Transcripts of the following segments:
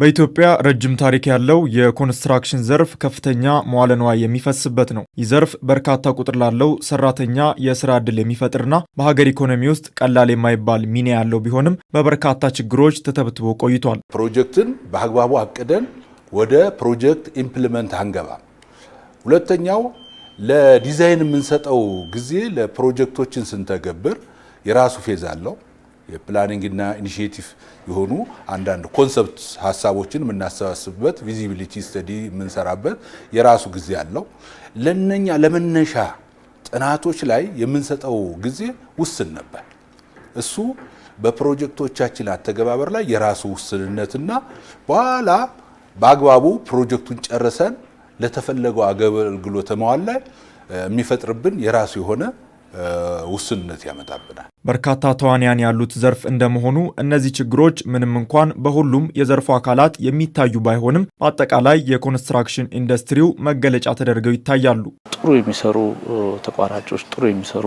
በኢትዮጵያ ረጅም ታሪክ ያለው የኮንስትራክሽን ዘርፍ ከፍተኛ መዋለ ንዋይ የሚፈስበት ነው። ይህ ዘርፍ በርካታ ቁጥር ላለው ሰራተኛ የስራ ዕድል የሚፈጥርና በሀገር ኢኮኖሚ ውስጥ ቀላል የማይባል ሚና ያለው ቢሆንም በበርካታ ችግሮች ተተብትቦ ቆይቷል። ፕሮጀክትን በአግባቡ አቅደን ወደ ፕሮጀክት ኢምፕሊመንት አንገባም። ሁለተኛው ለዲዛይን የምንሰጠው ጊዜ ለፕሮጀክቶችን ስንተገብር የራሱ ፌዝ አለው። የፕላኒንግና ኢኒሽቲቭ የሆኑ አንዳንድ ኮንሰፕት ሀሳቦችን የምናሰባስብበት ቪዚቢሊቲ ስተዲ የምንሰራበት የራሱ ጊዜ አለው። ለነኛ ለመነሻ ጥናቶች ላይ የምንሰጠው ጊዜ ውስን ነበር። እሱ በፕሮጀክቶቻችን አተገባበር ላይ የራሱ ውስንነትና በኋላ በአግባቡ ፕሮጀክቱን ጨርሰን ለተፈለገው አገልግሎት መዋል ላይ የሚፈጥርብን የራሱ የሆነ ውስንነት ያመጣብናል። በርካታ ተዋንያን ያሉት ዘርፍ እንደመሆኑ እነዚህ ችግሮች ምንም እንኳን በሁሉም የዘርፉ አካላት የሚታዩ ባይሆንም በአጠቃላይ የኮንስትራክሽን ኢንዱስትሪው መገለጫ ተደርገው ይታያሉ። ጥሩ የሚሰሩ ተቋራጮች፣ ጥሩ የሚሰሩ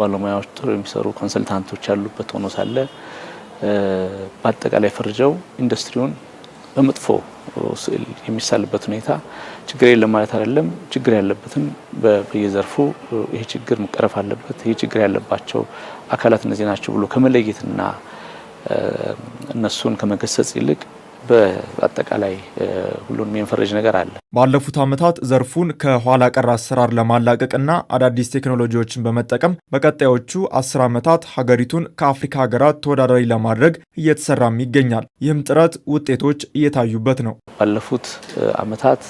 ባለሙያዎች፣ ጥሩ የሚሰሩ ኮንሰልታንቶች ያሉበት ሆኖ ሳለ በአጠቃላይ ፈርጀው ኢንዱስትሪውን በመጥፎ ስዕል የሚሳልበት ሁኔታ ችግር የለም ማለት አይደለም። ችግር ያለበትን በየዘርፉ ይሄ ችግር መቀረፍ አለበት፣ ይሄ ችግር ያለባቸው አካላት እነዚህ ናቸው ብሎ ከመለየትና እነሱን ከመገሰጽ ይልቅ በአጠቃላይ ሁሉን የሚንፈርጅ ነገር አለ። ባለፉት ዓመታት ዘርፉን ከኋላ ቀር አሰራር ለማላቀቅና አዳዲስ ቴክኖሎጂዎችን በመጠቀም በቀጣዮቹ አስር ዓመታት ሀገሪቱን ከአፍሪካ ሀገራት ተወዳዳሪ ለማድረግ እየተሰራም ይገኛል። ይህም ጥረት ውጤቶች እየታዩበት ነው። ባለፉት ዓመታት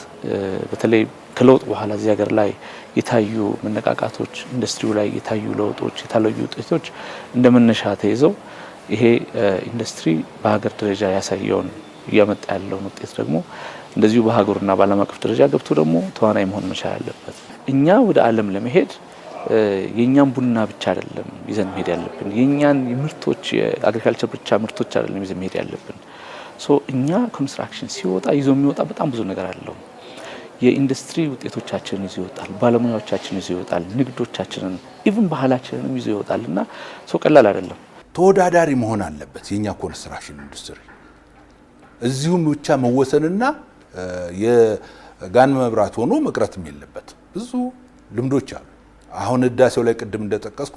በተለይ ከለውጥ በኋላ እዚህ ሀገር ላይ የታዩ መነቃቃቶች፣ ኢንዱስትሪው ላይ የታዩ ለውጦች፣ የታለዩ ውጤቶች እንደ መነሻ ተይዘው ይሄ ኢንዱስትሪ በሀገር ደረጃ ያሳየውን እያመጣ ያለውን ውጤት ደግሞ እንደዚሁ በሀገሩና በዓለም አቀፍ ደረጃ ገብቶ ደግሞ ተዋናይ መሆን መቻል አለበት። እኛ ወደ ዓለም ለመሄድ የእኛን ቡና ብቻ አይደለም ይዘን መሄድ ያለብን፣ የእኛን ምርቶች የአግሪካልቸር ብቻ ምርቶች አይደለም ይዘን መሄድ ያለብን። ሶ እኛ ኮንስትራክሽን ሲወጣ ይዞ የሚወጣ በጣም ብዙ ነገር አለው። የኢንዱስትሪ ውጤቶቻችንን ይዞ ይወጣል፣ ባለሙያዎቻችን ይዞ ይወጣል፣ ንግዶቻችንን ኢቭን ባህላችንንም ይዞ ይወጣል እና ሰው ቀላል አይደለም። ተወዳዳሪ መሆን አለበት የእኛ ኮንስትራክሽን ኢንዱስትሪ እዚሁም ብቻ መወሰንና የጋን መብራት ሆኖ መቅረትም የለበት። ብዙ ልምዶች አሉ። አሁን ህዳሴው ላይ ቅድም እንደጠቀስኩ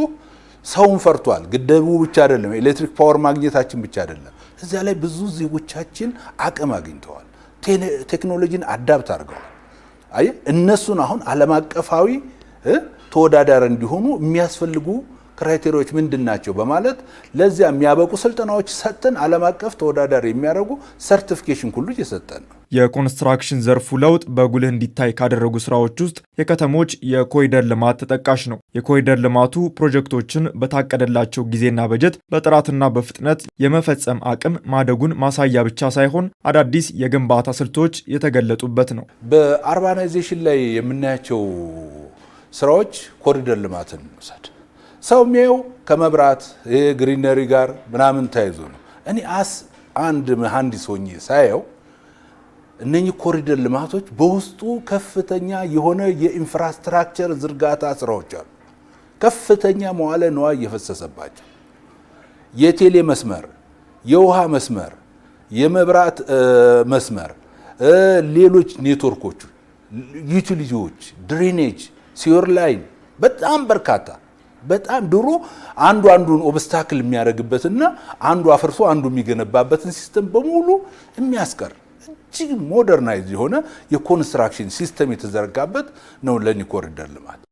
ሰውን ፈርቷል። ግደቡ ብቻ አይደለም፣ ኤሌክትሪክ ፓወር ማግኘታችን ብቻ አይደለም። እዚያ ላይ ብዙ ዜጎቻችን አቅም አግኝተዋል፣ ቴክኖሎጂን አዳብት አድርገዋል። አየህ እነሱን አሁን ዓለም አቀፋዊ ተወዳዳሪ እንዲሆኑ የሚያስፈልጉ ክራይቴሪዎች ምንድን ናቸው በማለት ለዚያ የሚያበቁ ስልጠናዎች ሰጥተን ዓለም አቀፍ ተወዳዳሪ የሚያደርጉ ሰርቲፊኬሽን ሁሉ እየሰጠን ነው። የኮንስትራክሽን ዘርፉ ለውጥ በጉልህ እንዲታይ ካደረጉ ስራዎች ውስጥ የከተሞች የኮሪደር ልማት ተጠቃሽ ነው። የኮሪደር ልማቱ ፕሮጀክቶችን በታቀደላቸው ጊዜና በጀት በጥራትና በፍጥነት የመፈጸም አቅም ማደጉን ማሳያ ብቻ ሳይሆን አዳዲስ የግንባታ ስልቶች የተገለጡበት ነው። በአርባናይዜሽን ላይ የምናያቸው ስራዎች ኮሪደር ልማትን ውሰድ ሰው የሚየው ከመብራት ግሪነሪ ጋር ምናምን ተያይዞ ነው። እኔ አስ አንድ መሐንዲስ ሆኜ ሳየው እነኚህ ኮሪደር ልማቶች በውስጡ ከፍተኛ የሆነ የኢንፍራስትራክቸር ዝርጋታ ስራዎች አሉ። ከፍተኛ መዋለ ነዋ እየፈሰሰባቸው የቴሌ መስመር፣ የውሃ መስመር፣ የመብራት መስመር፣ ሌሎች ኔትወርኮች፣ ዩቲሊቲዎች፣ ድሬኔጅ፣ ሲወር ላይን በጣም በርካታ በጣም ድሮ አንዱ አንዱን ኦብስታክል የሚያደርግበትና አንዱ አፈርሶ አንዱ የሚገነባበትን ሲስተም በሙሉ የሚያስቀር እጅግ ሞደርናይዝ የሆነ የኮንስትራክሽን ሲስተም የተዘረጋበት ነው ለኒ ኮሪደር ልማት።